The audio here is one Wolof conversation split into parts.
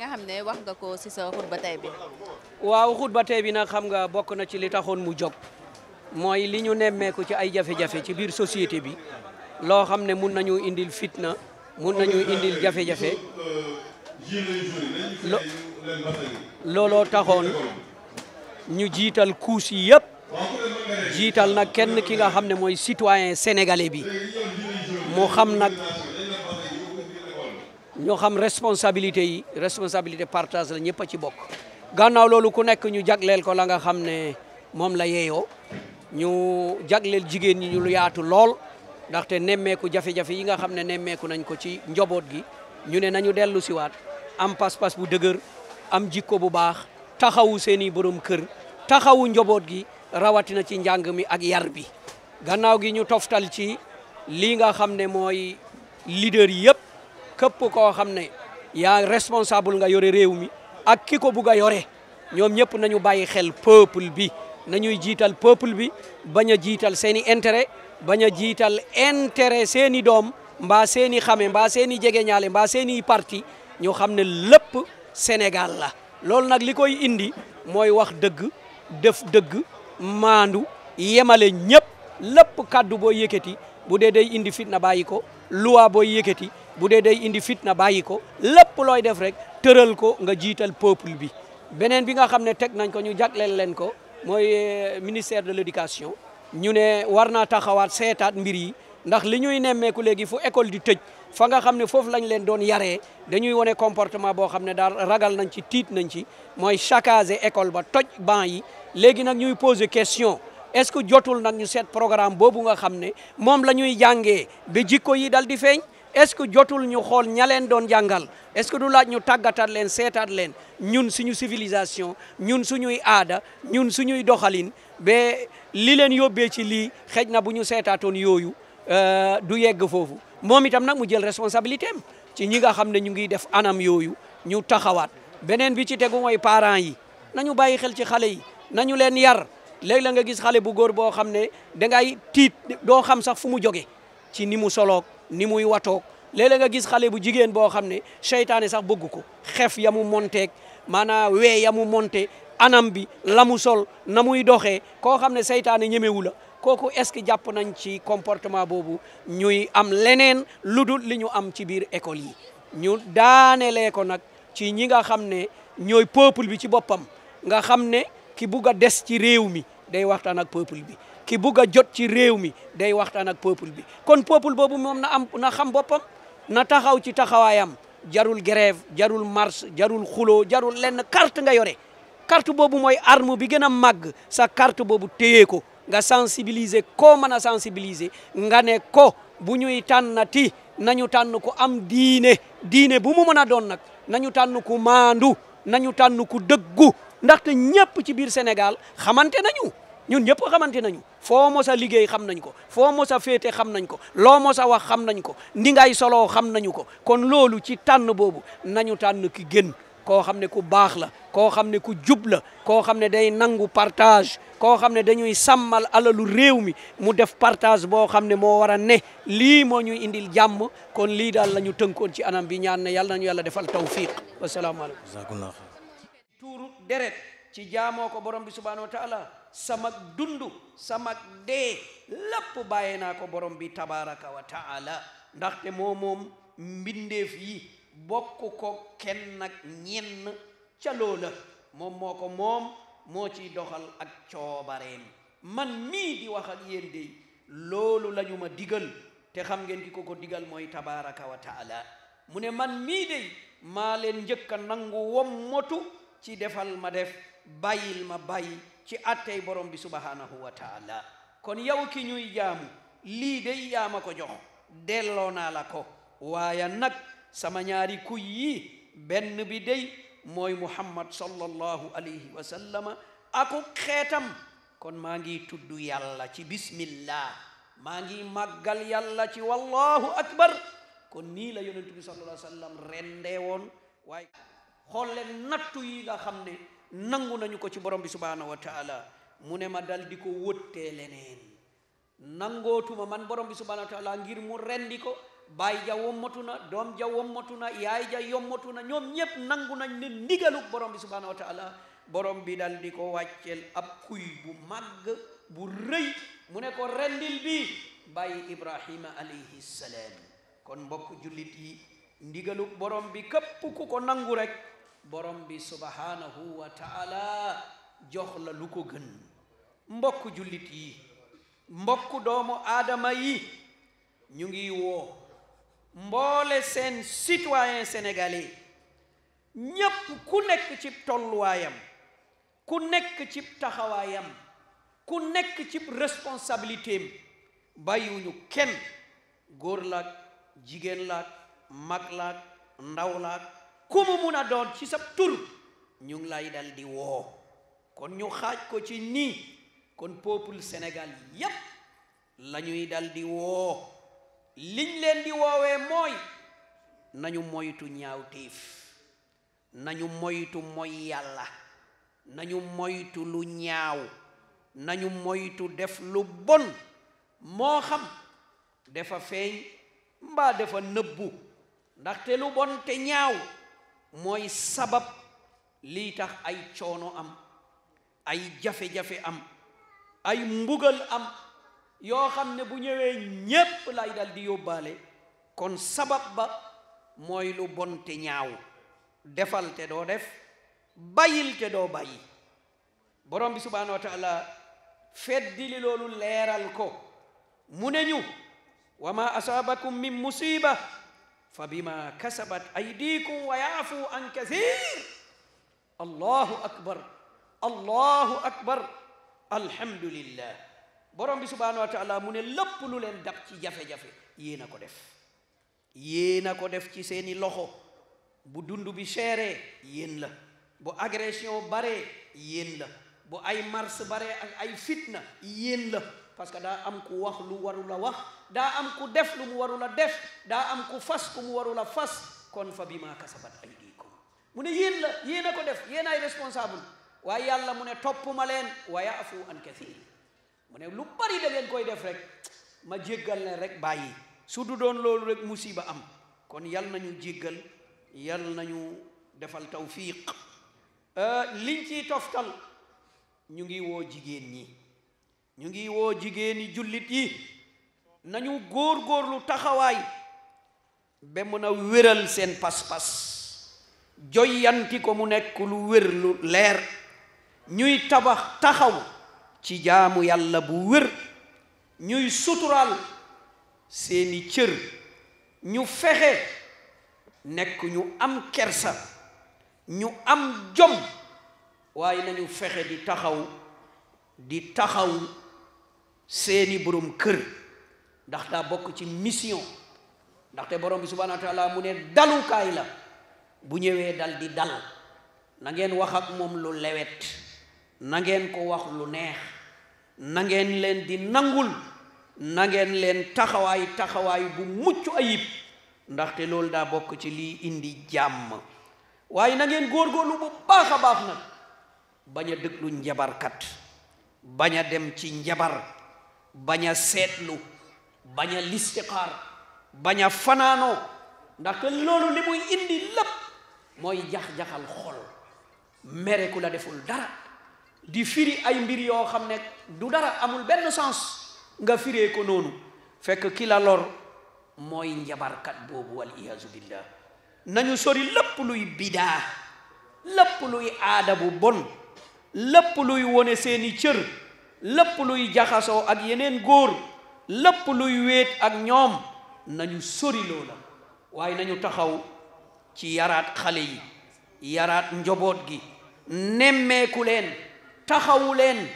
nga xam ne wax nga ko ci sa xutba tey bi. waaw xutba tey bi nag xam nga bokk na ci li taxoon mu jog mooy li ñu nemmeeku ci ay jafe-jafe ci biir société bi loo xam ne mun nañu indil fitna mun nañu indil jafe-jafe looloo taxoon ñu jiital couche yi yëpp jiital nag kenn ki nga xam ne mooy citoyen sénégalais bi mu xam nag. ñoo xam responsabilité yi responsabilité partage la ñëpp a ci bokk gannaaw loolu ku nekk ñu jagleel ko la nga xam ne moom la yeyo ñu jagleel jigéen ñi ñu lu yaatu lool ndaxte nemmeeku jafe-jafe yi nga xam ne nemmeeku nañ ko ci njaboot gi ñu ne nañu dellu siwaat am pas-pas bu dëgër am jikko bu baax taxawu seeni borom kër taxawu njaboot gi rawatina ci njàng mi ak yar bi gannaaw gi ñu toftal ci lii nga xam ne mooy leader yëpp këpp koo xam ne yaa responsable nga yore réew mi ak ki ko bugg a yore ñoom ñëpp nañu bàyyi xel peuple bi nañuy jiital peuple bi bañ a jiital seen i intérêt bañ a jiital intérêt seen i doom mbaa seen i xame mbaa seen i jegeñaale mbaa seen i parti ñu xam ne lépp Sénégal la loolu nag li koy indi mooy wax dëgg dëf dëgg maandu yemale ñëpp lëpp kàddu boo yëkkati bu dee day indi fitna bàyyi ko luwa booy yëkkati bu dee day indi na bàyyi ko lépp looy def rek tëral ko nga jiital peuple bi beneen bi nga xam ne teg nañ ko ñu jagleel leen ko mooy eh, ministère de l'éducation ñu ne war naa taxawaat seetaat mbir yi ndax li ñuy nemmeeku léegi fu école di tëj fa nga xam ne foofu lañ leen doon yaree dañuy wane comportement boo xam ne daal ragal nañ ci tiit nañ ci mooy saccager école ba toj banc yi léegi nag ñuy poser question est-ce que jotul nag ñu seet programme boobu nga xam ne moom la ñuy jàngee ba jikko yi dal di feeñ est-ce que jotul ñu xool ña leen doon jàngal est-ce que du laaj ñu tàggataat leen seetaat leen ñun suñu civilisation ñun suñuy aada ñun suñuy doxalin ba li leen yóbbee ci lii xëj na bu ñu seetaatoon yooyu euh, du yegg foofu moom itam nag mu jël responsabilité am ci ñi nga xam ne ñu ngi def anam yooyu ñu taxawaat beneen bi ci tegu mooy parents yi nañu bàyyi xel ci xale yi nañu leen yar léegi la nga gis xale bu góor boo xam ne dangay tiit doo xam sax fu mu jóge ci ni mu soloog ni muy watoog léeg nga gis xale bu jigéen boo xam ne seytaane sax bëgg ko xef ya mu monteeg maanaam wee ya mu monte anam bi la mu sol na muy doxee koo xam ne seytaane ñemewu la kooku est-ce que jàpp nañ ci comportement boobu ñuy am leneen lu dul li ñu am ci biir école yi ñu daanelee ko nag ci ñi nga xam ne ñooy peuple bi ci boppam nga xam ne ki bugg a des ci réew mi day waxtaan ak peuple bi ki bugg a jot ci réew mi day waxtaan ak peuple bi kon peuple boobu moom na am na xam boppam na taxaw ci taxawaayam jarul grève jarul marche jarul xuloo jarul lenn carte nga yore carte boobu mooy arme bi gën a màgg sa carte boobu téye ko nga sensibiliser koo mën a sensibiliser nga ne ko bu ñuy tànnati nañu tànn ku am diine diine bu mu mën a doon nag nañu tànn ku maandu nañu tànn ku dëggu ndaxte ñëpp ci biir Sénégal xamante nañu ñun ñëpp xamante nañu foo mos a liggéey xam nañ ko foo mos a féete xam nañ ko loo mos a wax xam nañ ko ndi ngay soloo xam nañu ko kon loolu ci tànn boobu nañu tànn ki gën koo xam ne ku baax la koo xam ne ku jubla la koo xam ne day nangu partage koo xam ne dañuy sammal alalu réew mi mu def partage boo xam ne moo war a ne lii moo ñuy indil jàmm kon lii daal la ñu tënkoon ci anam bi ñaan ne yàlla nañu yàlla defal tawfiq wasalaamaaleykum tuuru deret ci jaamoo ko borom bi sama dundu sama dee lépp bàyyee naa ko borom bi tabaraka ndaxte moo moom mbindeef yi bokk ko kenn ak ñenn ca loola moom moo ko moom moo ciy doxal ak coobareem man mii di wax ak yéen loolu lañu ma digal te xam ngeen ki ko ko digal mooy tabaraka wa mu ne man mii de maa leen njëkka nangu wom motu ci defal ma def bàyyil ma bàyyi ci attey borom bi subhanahu wa taala kon yow ki ñuy jaamu lii de yaa ko jox delloo naa la ko waaye nag sama ñaari kuy yi benn bi dey mooy muhammad sallallahu alayhi wa sallama aku xeetam kon maa ngi tudd yàlla ci bismillah maa ngi màggal yàlla ci wallahu akbar kon nii la yonent bi sallallahu alayhi wa sallam rendee woon waaye nattu yi nga xam ne nangu nañu ko ci borom bi subhaanahu wa mu ne ma dal di ko wëttee leneen nangootuma man borom bi subhaanahu ngir mu rendi ko baay ja wommatu na doom ja wommatu na yaay ja yommatu na ñoom ñépp nangu nañ ne ndigaluk borom bi subhaanahu wa taala borom bi dal di ko wàcceel ab kuy bu màgg bu rëy mu ne ko rendil bi bàyyi ibrahima alayhi salaam kon mbokk jullit yi ndigaluk borom bi képp ku ko nangu rek borom bi subhanahu wa taala jox la lu ko gën mbokk jullit yi mbokk doomu aadama yi ñu ngi woo mboole seen citoyen sénégalais ñépp ku nekk ci tolluwaayam ku nekk ci taxawaayam ku nekk ci responsabilité am bàyyiwuñu kenn góor laak jigéen laak mag laak ndaw laak ku mu mun a doon ci sab tur ñu ngi lay daldi woo kon ñu xaaj ko ci nii kon peuple Sénégal yépp lañuy daldi woo liñ leen di woowee mooy nañu moytu ñaaw téef nañu moytu moy yàlla nañu moytu lu ñaaw nañu moytu def lu bon moo xam dafa feeñ mbaa defa nëbbu ndaxte lu bon te ñaaw mooy sabab lii tax ay coono am ay jafe-jafe am ay mbugal am yoo xam ne bu ñëwee ñépp lay dal di yóbbaale kon sabab ba mooy lu bonte te ñaaw defal te doo def bàyyil te doo bàyyi borom bi subhaanahu wa taala feddi leeral ko mu ne ñu wa ma asaabakum min musiba fa bima kasabat aydikum wa yaafu an kathir allahu akbar allahu akbar alhamdulillah borom bi subhanahu wa taala mu nen lépp lu leen dab ci jafe-jafe yéen a ko def yéen a ko def ci seeni loxo bu dund bi seeree yéen la bu agression baree yéen la bu ay mars bare ak ay fitna yéen la parce que daa am ku wax lu warula wax daa am ku def lu mu warula def daa am ku fas ku mu warula fas kon fa bima kasabat aydikum mu ne yéen la yéen a ko def yéen ay responsable waaye yàlla mu ne topp ma leen wa yaafu an kathir mu ne lu bari da ngeen koy def rek ma jéggal leen rek bàyyi su du doon loolu rek musiba am kon yal nañu jéggal yal nañu defal tawfiq euh, liñ ciy toftal ñu ngi woo jigéen ñi ñu ngi woo jigéeni jullit yi nañu góor lu taxawaay ba mën a wéral seen pas-pas joyanti ko mu nekk lu wér lu leer ñuy tabax taxaw ci jaamu yàlla bu wér ñuy suturaal seeni cër ñu fexe nekk ñu am kersa ñu am jom waaye nañu fexe di taxaw di taxaw seeni borom kër ndax daa bokk ci mission ndaxte borom bi subhanahu wa mu ne dalukaay la bu ñëwee dal di dal na ngeen wax ak moom lu lewet nangeen ko wax lu neex nangeen leen di nangul nangeen leen taxawaay taxawaay bu mucc ayib ndaxte loolu daa bokk ci lii indi jàmm waaye na ngeen góorgóorlu bu baax a baax nag bañ a déglu njabarkat bañ a dem ci njabar bañ a seetlu bañ a listixaar bañ a fanaanoo ndaxte loolu li muy indi lépp mooy jax-jaxal xol mere ku la deful dara di firi ay mbir yoo xam ne du dara amul benn sens nga firee ko noonu fekk ki lor mooy njabarkat boobu wal iyaazu billah nañu sori lépp luy bidaa lépp luy aada bu bon lépp luy wone seeni cër lépp luy jaxasoo ak yeneen góor lépp luy wéet ak ñoom nañu sori la waaye nañu taxaw ci yaraat xale yi yaraat njaboot gi nemmeeku leen taxawu leen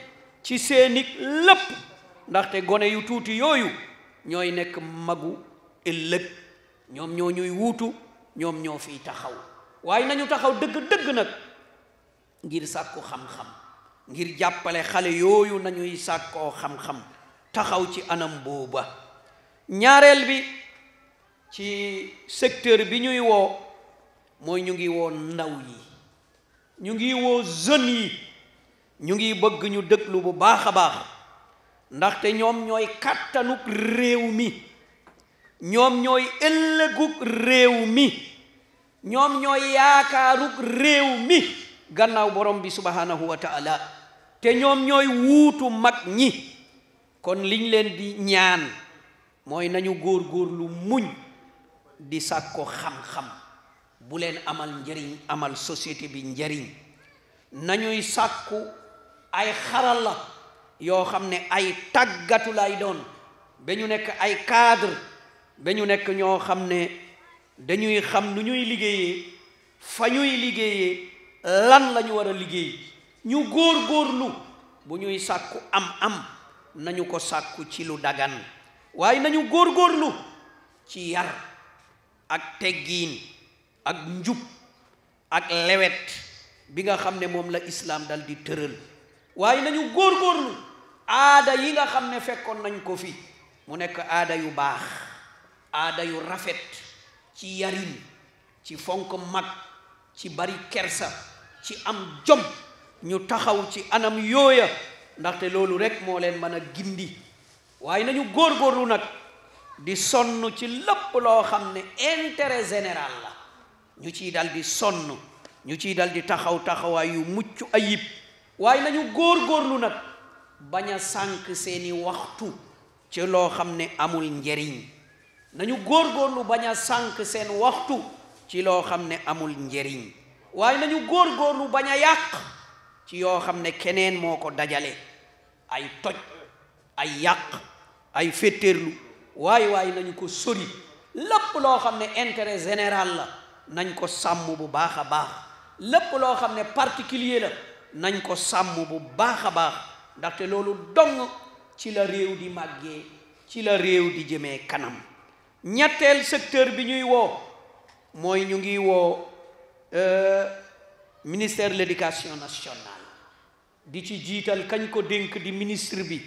ci seeni lépp ndaxte gone yu tuuti yooyu ñooy nekk magu ëllëg ñoom ñoo ñuy wuutu ñoom ñoo fiy taxaw waaye nañu taxaw dëgg-dëgg nag ngir sàkku xam-xam ngir jàppale xale yooyu nañuy sàkkoo xam-xam taxaw ci anam booba ñaareel bi ci secteur bi ñuy woo mooy ñu ngi woo ndaw yi ñu ngi woo jeunes yi ñu ngi bëgg ñu déglu bu baax a baax ndaxte ñoom ñooy kàttanuk réew mi ñoom ñooy ëllëguk réew mi ñoom ñooy yaakaaruk réew mi gannaaw borom bi subhanahu wa taala te ñoom ñooy wuutu mag ñi kon liñ leen di ñaan mooy nañu góor góor lu muñ di sàkko xam-xam bu leen amal njariñ amal société bi njëriñ nañuy sàkku ay xarala yoo xam ne ay tàggatu lay doon ba ñu nekk ay cadre ba ñu nekk ñoo xam ne dañuy xam nu ñuy liggéeyee fa ñuy liggéeyee lan lañu war a liggéey ñu góor góorlu bu ñuy sàkku am am nañu ko sàkku ci lu dagan waaye nañu góor góorlu ci yar ak teggiin ak njub ak lewet bi nga xam ne moom la islaam dal di tëral waaye nañu góor góorlu aada yi nga xam ne fekkoon nañ ko fi mu nekk aada yu baax aada yu rafet ci yarin ci fonk mag ci bari kersa ci am jom ñu taxaw ci anam yooya ndaxte loolu rekk moo leen mën a gindi waaye nañu góor góorlu nag di sonn ci lépp loo xam ne intérêt général la ñu ciy dal di sonn ñu ciy dal di taxaw taxawaay yu mucc ayib waaye nañu góor góorlu nag bañ a sànk seeni waxtu ci loo xam ne amul njariñ nañu góorgóorlu bañ a sànk seen waxtu ci loo xam ne amul njariñ waaye nañu góorgóorlu bañ a yàq ci yoo xam ne keneen moo ko dajale ay toj ay yàq ay féttéerlu waay waay nañu ko sori lépp loo xam ne intérêt général la nañ ko sàmm bu baax a baax lépp loo xam ne particulier la nañ ko sàmm bu baax a baax ndaxte loolu dong ci la réew di màggee ci la réew di jëmee kanam ñetteel secteur bi ñuy woo mooy ñu ngi woo euh, ministère de l'éducation nationale di ci jiital kañ ko dénk di ministre bi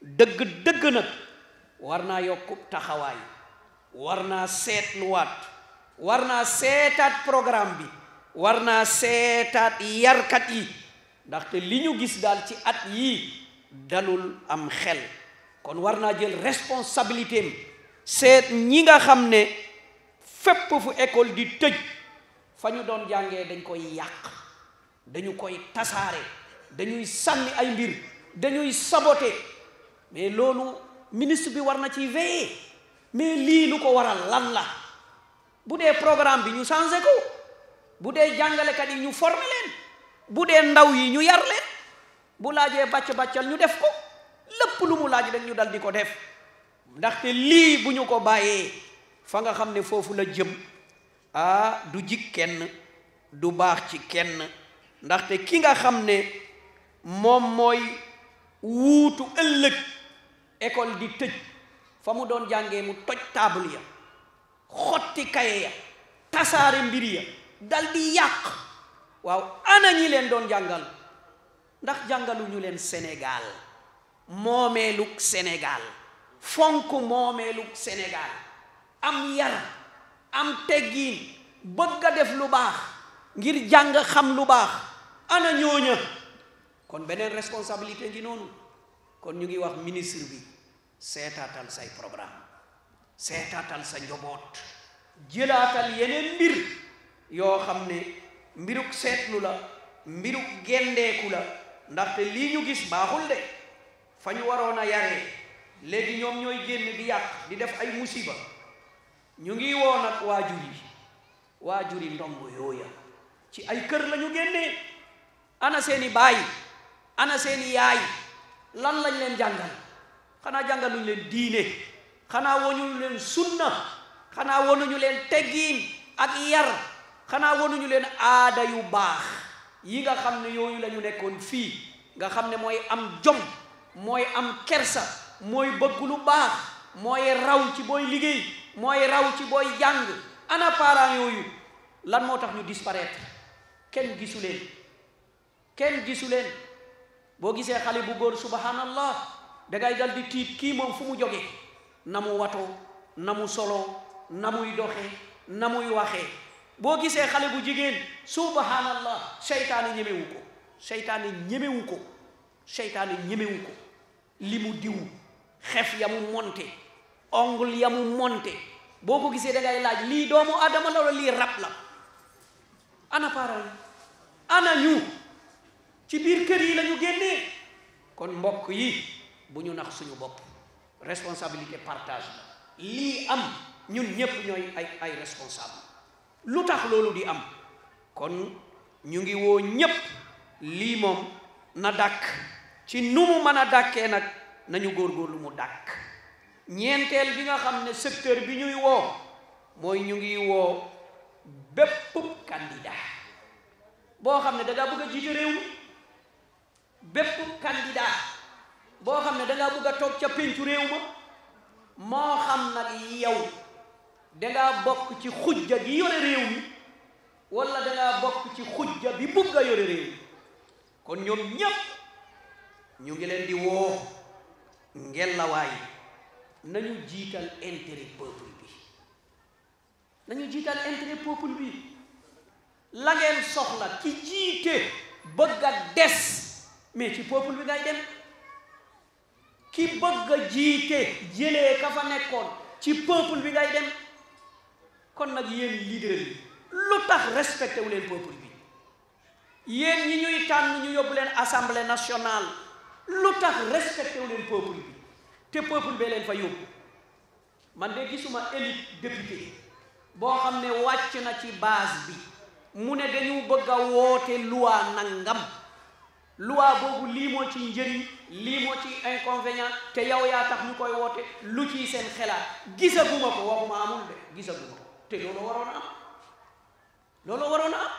dëgg dëgg nag war naa yokk taxawaay war naa seetluwaat war naa seetaat programme bi war naa seetaat yarkat yi ndaxte li ñu gis daal ci at yii dalul am xel kon war naa jël responsabilité am seet ñi nga xam ne fépp fu école di tëj fa ñu doon jàngee dañ koy yàq dañu koy tasaare dañuy sànni ay mbir dañuy sabote mais loolu ministre bi war na ci veiller mais lii lu ko waral lan la bu dee programme bi ñu changé ko bu dee jàngalekat yi ñu former leen bu dee ndaw yi ñu yar leen bu laajee bàcc-bàccal ñu def ko lépp lu mu laaj dañ ñu dal di ko def ndaxte lii bu ñu ko bàyyee fa nga xam ne foofu la jëm ah du jig kenn du baax ci kenn ndaxte ki nga xam ne moom mooy wuutu ëllëg ecole di tëj fa mu doon jàngee mu toj taabal ya xotti kaye ya tasaare mbir ya dal di yàq waaw ana ñi leen doon jàngal ndax jàngaluñu leen senegaal moomeelug senegaal fonk moomeelug Sénégal am yar am teggiin bëgg a def lu baax ngir jàng xam lu baax ana ñooña kon beneen responsabilité ngi noonu kon ñu ngi wax ministre bi seetaatal say programme seetaatal sa njoboot jëlaatal yeneen mbir yoo xam ne mbiruk seetlu la mbiruk gendeeku la ndaxte lii ñu gis baaxul de fa ñu waroon a yaree léegi ñoom ñooy génn di yàq di def ay musiba ñu ngi woo nag waajur yi waajur yi ndongo yooya ci ay kër lañu ñu génnee ana seeni baay ana seeni yaay lan lañ leen jàngal xanaa jàngaluñ leen diine xanaa wonuñu leen sunna xanaa wanuñu leen teggiin ak yar xanaa wanuñu leen aada yu baax yi nga xam ne yooyu lañu nekkoon fii nga xam ne mooy am jom mooy am kersa mooy bëgg lu baax mooy raw ci booy liggéey mooy raw ci booy jàng ana parents yooyu lan moo tax ñu disparaître kenn gisu kenn gisuleen boo gisee xale bu góor subhanallah dangay dal di tiit kii moom fu mu jóge na mu watoo na mu solo na muy doxee na muy waxee boo gisee xale bu jigéen subhanallah seytaane ñemewu ko seytaane ñemewu ko seytaane ñemewu ko li mu diw xef ya mu monte ongle yamu monte boo ko gisee da ngay laaj lii doomu adama la lii rab la ana parent ana ñu ci biir kër yi lañu génnee kon mbokk yi bu ñu nax suñu bopp responsabilité partage la lii am ñun ñépp ñooy ay ay responsable lu tax loolu di am kon ñu ngi woo ñépp lii moom na dàkk ci nu mu mën a dàkkee nag nañu góor góor lu mu dàkk ñeenteel bi nga xam ne secteur bi ñuy woo mooy ñu ngi woo bépp candidat boo xam ne da ngaa bëgg a jiite réew bépp candidat boo xam ne da ngaa bëgg a toog ca péncu réew ma moo xam nag yow da ngaa bokk ci xujja gi yore réew mi wala da ngaa bokk ci xujja bi bëgg a yore réew mi kon ñoom ñépp ñu ngi leen di woo ngelawaay nañu jiital intérêt peuple bi nañu jiital intérêt peuple bi la ngeen soxla ki jiite bëgg a des mais ci peuple bi ngay dem ki bëgg a jiite jëlee ka fa nekkoon ci peuple bi ngay dem kon nag yéen leader yi lu tax respecté wu leen peuple bi yéen ñi ñuy tànn ñu yóbbu leen assemblée nationale lu tax respecté wu leen peuple bi te peuple bee leen fa yóbbu man de gisuma élite député boo xam ne wàcc na ci baas bi mu ne dañu bëgg a woote loi nangam loi boobu lii moo ci njëriñ lii moo ci inconvénient te yow yaa tax ñu koy woote lu ci seen xelaat gisaguma ko waxuma amul de gisaguma ko te loolu waroon a am loolu waroon a am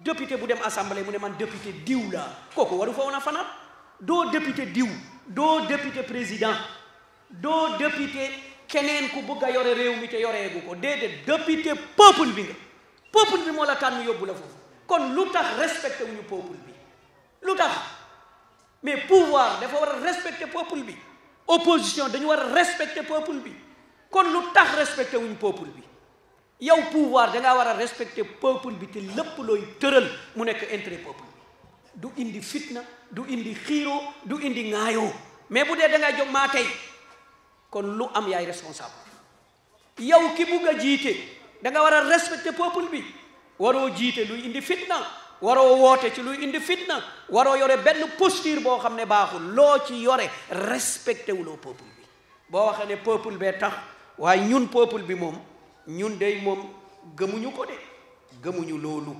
député bu dem assemblée mu ne man député diw laa kooku waru fa woon a fanaan doo député diw doo député président doo député keneen ku bëgg a yore réew mi te yoreegu ko déedéet député peuple bi nga peuple bi moo la tànn yóbbu la foofu kon lu tax respecté wu ñu bi tax mais pouvoir dafa war a respecté bi opposition dañu war a respecté peuple bi kon lu tax respecté wuñu peuple bi yow pouvoir da ngaa war a respecté peuple bi te lépp looy tëral mu nekk intérêt peuple du indi fitna du indi xiiroo du indi ŋaayoo mais bu dee da ngay jóg kon lu am yaay responsable yow ki bugg a jiite da nga war a respecter peuple bi waroo jiite luy indi fitna waroo woote ci luy indi fitna waroo yore benn posture boo xam ne baaxul loo ci yore respecté wuloo peuple bi boo waxee ne peuple bee tax waaye ñun peuple bi moom ñun dey moom gëmuñu ko de gëmuñu loolu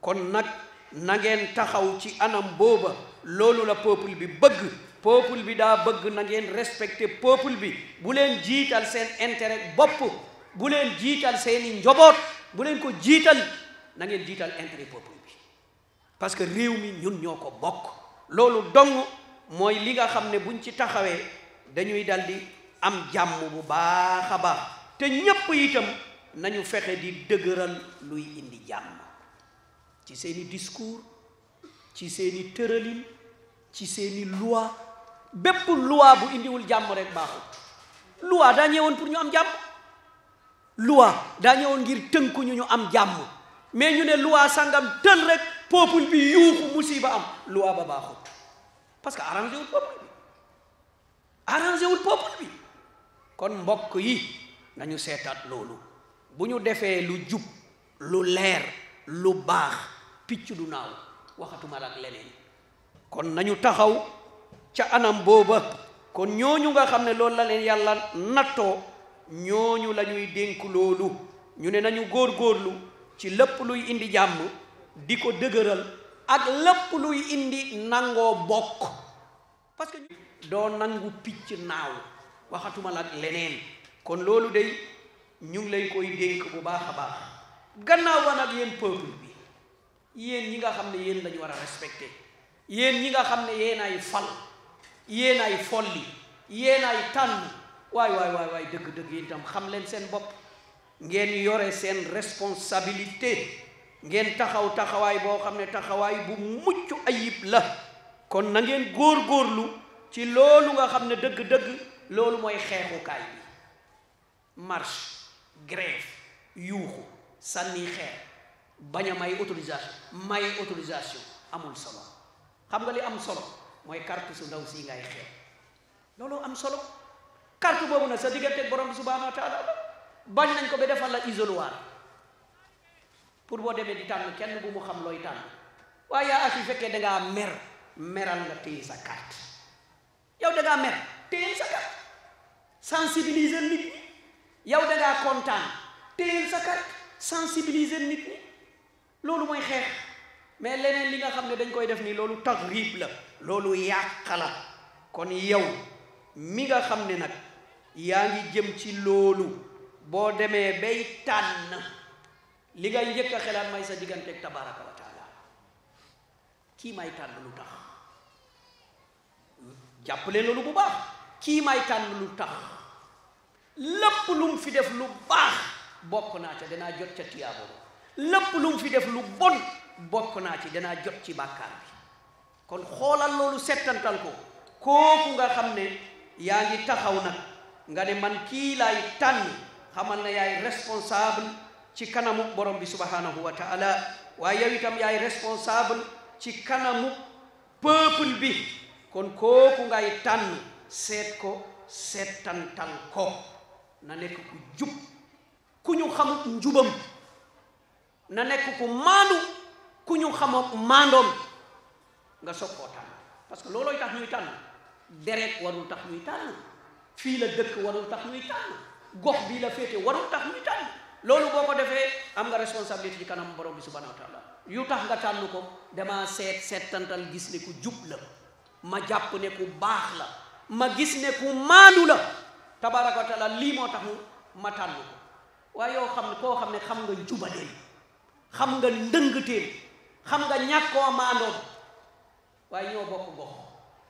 kon nag na ngeen taxaw ci anam booba loolu la peuple bi bëgg peuple bi daa bëgg na ngeen respecté peuple bi bu leen jiital seen intérêt bopp bu leen jiital seeni njoboot bu leen ko jiital na ngeen jiital intérêt peuple bi parce que réew mi ñun ñoo ko bokk loolu dong mooy li nga xam ne buñ ci taxawee dañuy dal di am jàmm bu baax a baax te ñépp itam nañu fexe di dëgëral luy indi jàmm ci seeni discours ci seeni tëralin ci seeni loi bépp loi bu indiwul jàmm rek baaxut loi daa ñëwoon pour ñu am jàmm loi daa ñëwoon ngir tënku ñu ñu am jàmm mais ñu ne loi sangam tël rek peuple bi yuuxu musiba am loi ba baaxut parce que arrangé wul peuple bi arrangé wul bi kon mbokk yi nañu seetaat loolu bu ñu defee lu jub lu leer lu baax picc du naaw waxatuma la ak leneen kon nañu taxaw ca anam booba kon ñooñu nga xam ne loolu la leen yàlla nattoo ñooñu la ñuy dénk loolu ñu ne nañu góor góorlu ci lëpp luy indi jàmm di ko dëgëral ak lépp luy indi nangoo bokk parce que doo nangu picc naaw waxatuma la ak leneen kon loolu de ñu ngi lay koy dénk bu baax a baax gannaaw ba nag yéen yéen ñi nga xam ne yéen lañu war a respecté yéen ñi nga xam ne yéen ay fal yéen ay folli yéen ay tànn waay waay waay waay dëgg-dëgg yéen itam xam leen seen bopp ngeen yore seen responsabilité ngeen taxaw taxawaay boo xam ne taxawaay bu mucc ayib la kon na ngeen góor-góorlu ci loolu nga xam ne dëgg-dëgg loolu mooy xeexukaay bi marche grève yuuxu sànni xeer bañ a may autorisation may autorisation amul solo xam nga li am solo mooy carte su ndaw si ngay xeex loolu am solo carte boobu nag sa diggante borom bi subhanahu wa taala bañ nañ ko ba defal la isoloir pour boo demee di tànn kenn bu mu xam looy tànn waaye yaa as fekkee da ngaa mer meral nga téye sa carte yow da ngaa mer téye sa carte sensibiliser nit ñi yow da kontaan téye sa carte sensibiliser nit ñi. loolu mooy xeex mais leneen li nga xam ne dañ koy def nii loolu tagrib la loolu yàq la kon yow mi nga xam ne nag yaa ngi jëm ci loolu boo demee bay tànn li ngay njëkk a xelaat may sa digganteeg tabaraka wa taala kii may tànn lu tax jàppale loolu bu baax kii may tànn lu tax lépp lu mu fi def lu baax bokk naa ca danaa jot ca tiyaabo lépp lu mu fi def lu bon bokk naa ci danaa jot ci bàkkaar bi kon xoolal loolu settantal ko kooku nga xam ne yaa ngi taxaw nag nga ne man kii laay tànn xamal na yaay responsable ci kanamu borom bi subhanahu wa taala waaye yow itam yaay responsable ci kanamu peuple bi kon kooku ngay tànn seet ko settantal ko na nekk ku jub ku ñu xamut njubam na nekk ku maandu ku ñu xamoo maandoom nga soog koo tànn parce que loolooy tax ñuy tànn deret warul tax ñuy tànn fii la dëkk warul tax ñuy tànn gox bii la féete warul tax ñuy tànn loolu boo ko defee am nga responsabilité ci kanam borom bi subhanahu wa taala yu tax nga tànn ko dama seet seetantal gis ne ku jub la ma jàpp ne ku baax la ma gis ne ku maandu la tabaraka wa taala lii moo tax ma tànn ko waaye yow xam ne koo xam ne xam nga jubadeel xam nga ndëngteem xam nga ñàkkoo maandoom waaye ñoo bokk gox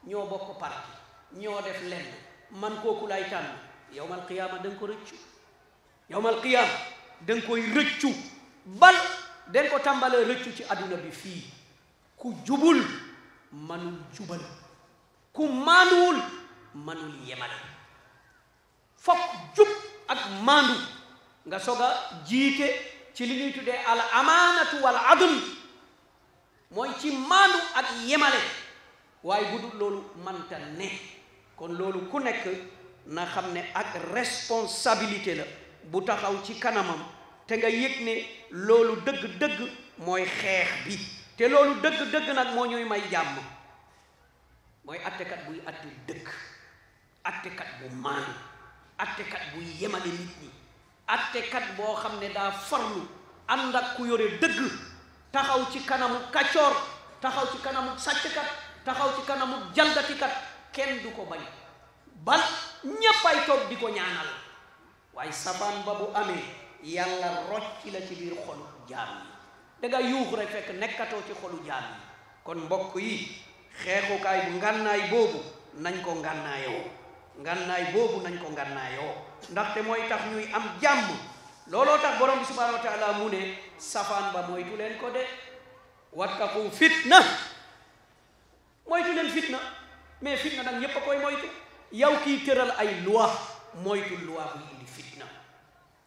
ñoo bokk parti ñoo def lenn man kooku lay tànn yowmal qiyaama da ko rëccu yowmal koy rëccu bal da ko tàmbalee rëccu ci àdduna bi fii ku jubul manul jubal ku maanuwul manul yemal fokk jub ak maandu nga soog a jiite ci li ñuy tuddee al amaanatu wal adl mooy ci maandu ak yemale waaye bu dul loolu manta ne kon loolu ku nekk na xam ne ak responsabilité la bu taxaw ci kanamam te nga yëg ne loolu dëgg-dëgg mooy xeex bi te loolu dëgg-dëgg nag moo ñuy may jàmm mooy attekat buy atte dëkk attekat bu maanu attekat buy yemale nit ñi attekat boo xam ne daa farlu ànd ak ku yore dëgg taxaw ci kanamu kaccoor taxaw ci kanamu sàcckat taxaw ci kanamu jalgatikat kenn du ko bañ bal ñéppay toog di ko ñaanal waaye sabaan ba bu amee yàlla rocci la ci biir xolu jaam yi danga yuux rek fekk nekkatoo ci xolu jaam yi kon mbokk yi xeexukaay bu ngànnaay boobu nañ ko ngànnaayoo ngànnaay boobu nañ ko ngànnaayoo ndaxte mooy tax ñuy am jàmm looloo tax borom bi subhanahu wa taala safaan ba moytu leen ko de wattaqu fitna moytu leen fitna mais fitna nag ñépp a koy moytu yow kii tëral ay loi moytu loi buy indi fitna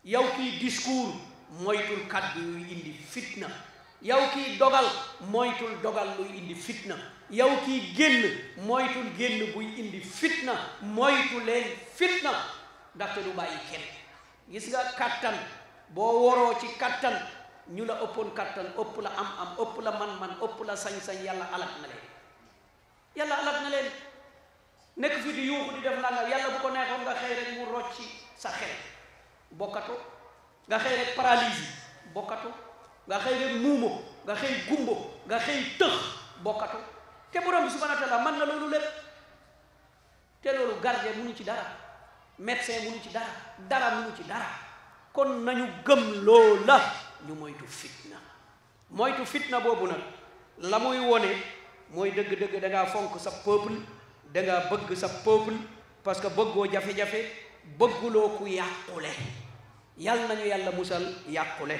yow kiy discours moytul kàddu yuy indi fitna yow kii dogal moytul dogal luy indi fitna yow kiy génn moytul génn buy indi fitna moytu leen fitna ndaxte du bàyyi kenn gis nga kàttan boo woroo ci kàttan ñu la ëppoon kàttan ëpp la am am ëpp la man-man ëpp la sañ-sañ yàlla alak na leen yàlla alak na leen nekk fi di yuuxu di def nangam yàlla bu ko neexoon nga xëy rek mu rocci sa xel bokkato nga xëy rek paralysie bokkato nga xëy rek muumo nga xëy gumbo nga xëy tëx bokkato te borom bi subhanahu wa mën na loolu lépp te loolu mu mënu ci dara médecin munu ci dara dara munu ci dara kon nañu gëm loola ñu moytu fitna moytu fitna boobu nag la muy wone mooy dëgg-dëgg da fonk sa peuple da bëgg sa peuple parce que bëggoo jafe-jafe bëgguloo ku yàqule yal nañu yàlla musal yàqule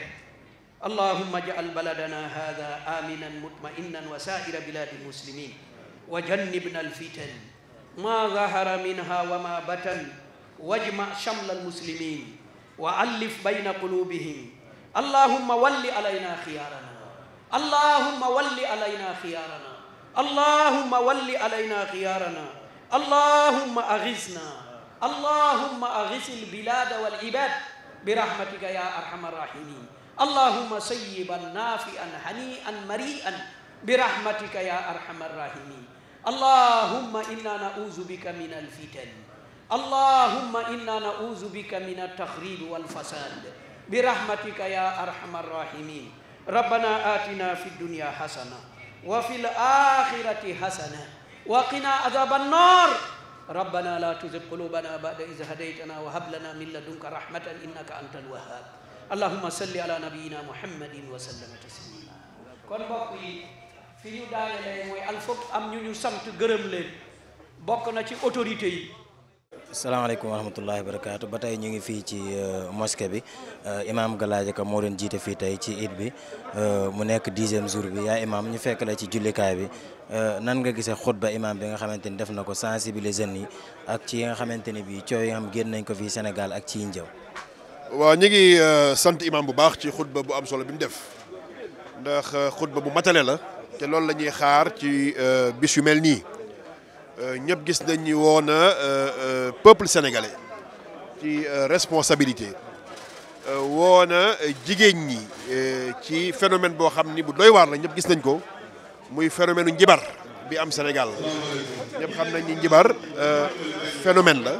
allahumma ja'al baladana hada aminan mutma'innan wa sa'ira biladi muslimin wa jannibna alfitan ma zahara minha wa ma batan wajma chamla almuslimin wa allif bayna qulubihim allahumma walli alayna xiyaarana allahumma walli alayna xiyaarana allahumma walli alayna xiyaarana allahumma agisna allahumma agis albilada walibad birahmatika ya arhama arrahimin allahumma sayiban naafian hanian marian برحمتك يا أرحم الراحمين اللهم إنا نعوذ بك من الفتن allahumma inna nauzu bika min altaxrib walfasad birahmatika ya arhama arrahimin rabbana atina fi dunya hasana wa fi laxirati hasana wa qina azaba annar rabbana la tuzig qulubana bada is hadaytana wa hab lana min ladunka rahmatan innaka anta alwahhab allahumma salli ala nabiyina muhammadin wa sallama taslima kon mbokk yi fi ñu daane lay mooy al foog am ñu ñu sant gërëm leen bokk na ci autorité yi salaamaaleykum wa rahmatullahi barakaatu ba tey ñu ngi fii ci euh, mosquée bi euh, imaam Galaye Ka moo doon jiite fii tey ci it bi euh, mu nekk dixième jour bi yaa imaam ñu fekk la ci jullikaay bi nan nga gise xutba imaam bi nga xamante ni def na ko sensibiliser jeunes yi ak ci yi nga xamante ni bii coow yi nga xam génn nañ ko fii senegal ak ci njëw waaw ñu ngi sant imaam bu baax ci xutba bu am solo bi mu def ndax xutba bu matale la te loolu la ñuy xaar ci bis yu mel nii. Euh, ñëpp gis nañu woon euh, euh, peuple sénégalais ci responsabilité woon jigéen ñi ci phénomène boo xam ni bu doy waar la ñëpp gis nañ ko muy phénomène njibar bi am Sénégal ñëpp xam nañ ni njibar phénomène la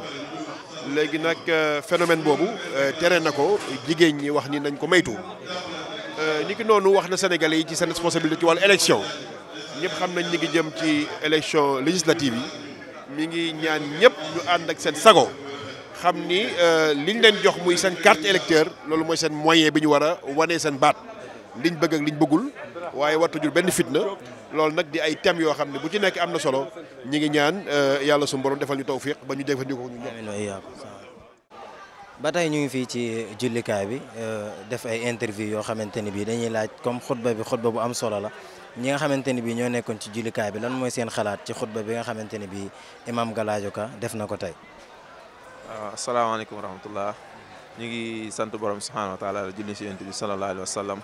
léegi nag phénomène boobu tere na ko jigéen ñi wax ni nañ ko maytu niki noonu wax na sénégalais yi ci seen responsabilité ci wàllu élection ñëpp xam nañ ñi ngi jëm ci élection législative yi mi ngi ñaan ñëpp ñu ànd ak seen sago xam ni euh, li ñu leen jox muy seen carte électeur loolu mooy seen moyen bi ñu war a wanee seen baat liñ bëgg liñ bëggul waaye wattajul benn fitna loolu nag di ay thèmes yoo xam ne bu ci nekk am na solo ñi ngi ñaan euh, yàlla suñu borom defal ñu tawfiq ba ñu jëfandikoo ñu ñëpp ba tey ñu ngi fii ci jullikaay bi euh, def ay interview yoo xamante ni bii dañuy laaj comme xutba bi xutba bu am solo la ñi nga xamante ni bii ñoo nekkoon ci jullikaay bi lan mooy seen xalaat ci xutba bi nga xamante ni bii imam Galadio Ka def na ko tey. waaw ah, asalaamaaleykum wa rahmatullah ngi sant borom subhaanahu wa taala julli si yonent bi sallallahu alayhi wa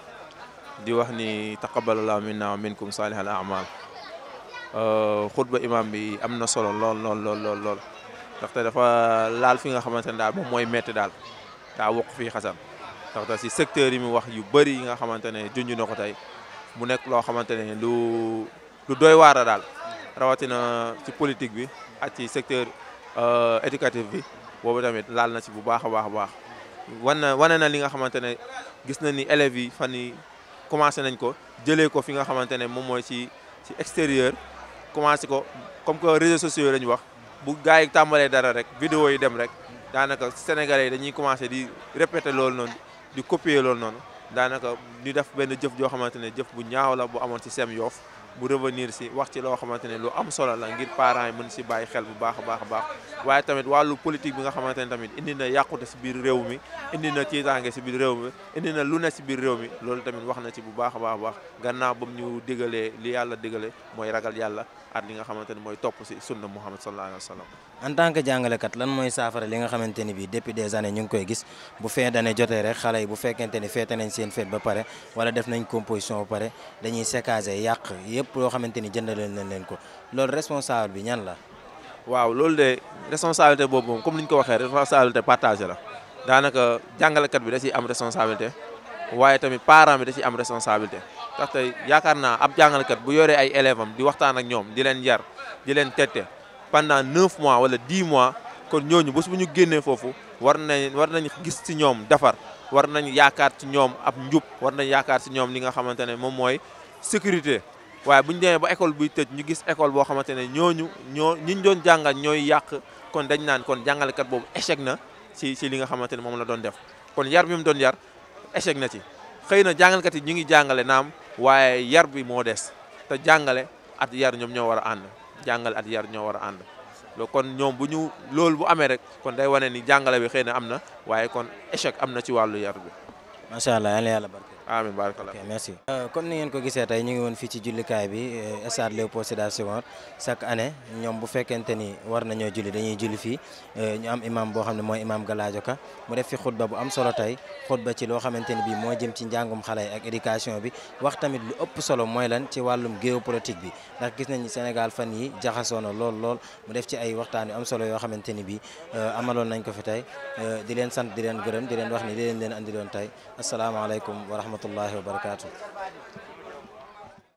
di wax ni taqabbalallahu minna wa minkum salihal a'mal ah, xutba imam bi am na solo lool lool lool dafa laal fi nga xamante ne daal mooy métti daal daa wokk fii xasan ndaxte si secteur yi mu wax yu bëri yi nga xamante ne junj na ko tey mu nekk loo xamante ne lu lu doy waar daal rawatina ci politique bi ak ci secteur euh, éducatif bi boobu tamit laal na ci bu baax a baax a baax wan na wane na li nga xamante ne gis na ni élèves yi fan yi commencé nañ ko jëlee ko fi nga xamante ne moom mooy ci ci extérieur commencé ko comme que réseaux sociaux la ñu wax bu gars yi tàmbalee dara rek vidéo yi dem rek daanaka sénégalais yi dañuy commencé di répéter loolu noonu di copier loolu noonu daanaka ñu def benn jëf joo xamante ne jëf bu ñaaw la bu amoon ci sem yoof bu revenir si wax ci loo xamante ne lu am solo la ngir parents yi mën si bàyyi xel bu baax a baax a baax waaye tamit wàllu politique bi nga xamante ne tamit indi na yàqute si biir réew mi indi na tiitaange si biir réew mi indi na lu ne si biir réew mi loolu tamit wax na ci bu baax a baax a baax gannaaw ba mu ñu digalee li yàlla digale mooy ragal yàlla at li nga xamante ne mooy topp si sunna Muhammad sallallahu alayhi wa sallam en tant que jàngalekat lan mooy saafara li nga xamante ni bi depuis des années ñu ngi koy gis bu fin d'année jotee rek xale bu fekkente ni feete nañ seen feet ba pare wala def nañ composition ba pare dañuy sécager yëpp yoo xamante ni jëndaleen nañ leen ko loolu responsable bi ñan la. waaw loolu de responsabilité boobu moom comme ni ñu ko waxee responsabilité partagée la daanaka jàngalekat bi da ciy am responsabilité waaye tamit parent bi da ciy am responsabilité ndaxte yaakaar naa ab jàngalekat bu yoree ay élèves di waxtaan ak ñoom di leen yar di leen tette pendant neuf mois wala dix mois kon ñooñu bés bu ñu génnee foofu war nañ war nañ gis si ñoom defar war nañ yaakaar ci ñoom ab njub war nañ yaakaar si ñoom li nga xamante ne moom mooy sécurité waaye bu ñu demee ba école buy tëj ñu gis école boo xamante ne ñooñu ñoo ñiñ doon jàngal ñooy yàq kon dañ naan kon jàngalekat boobu échec na ci ci li nga xamante ne moom la doon def kon yar bi mu doon yar échec na ci xëy na jàngalekat yi ñu ngi jàngale naam waaye yar bi moo des te jàngale at yar ñoom ñoo war a ànd jàngale at yar ñoo war a ànd kon ñoom bu ñu loolu bu amee rek kon day wane ni jàngale bi xëy na am na waaye kon échec am na ci wàllu yar bi. yàlla yàlla amiin barakallah ok merci. Euh, comme ni ngeen ko gisee tey ñu ngi woon fii ci jullikaay bi euh, stade Léopold Sédar Senghor chaque année ñoom bu fekkente ni war nañoo julli dañuy julli fii euh, ñu am imam boo xam ne mooy imam Galadio Ka mu def fi xutba bu am solo tey xutba ci loo xamante ni bii moo jëm ci njàngum xale ak éducation bi wax tamit lu ëpp solo mooy lan ci wàllum géopolitique bi ndax gis nañu Sénégal fan yi jaxasoo na lool lool mu def ci ay waxtaan yi am solo yoo xamante ni bii amaloon nañ ko fi tey di leen sant di leen gërëm di leen wax ni di leen leen andi rahmatullahi wa barakaatu.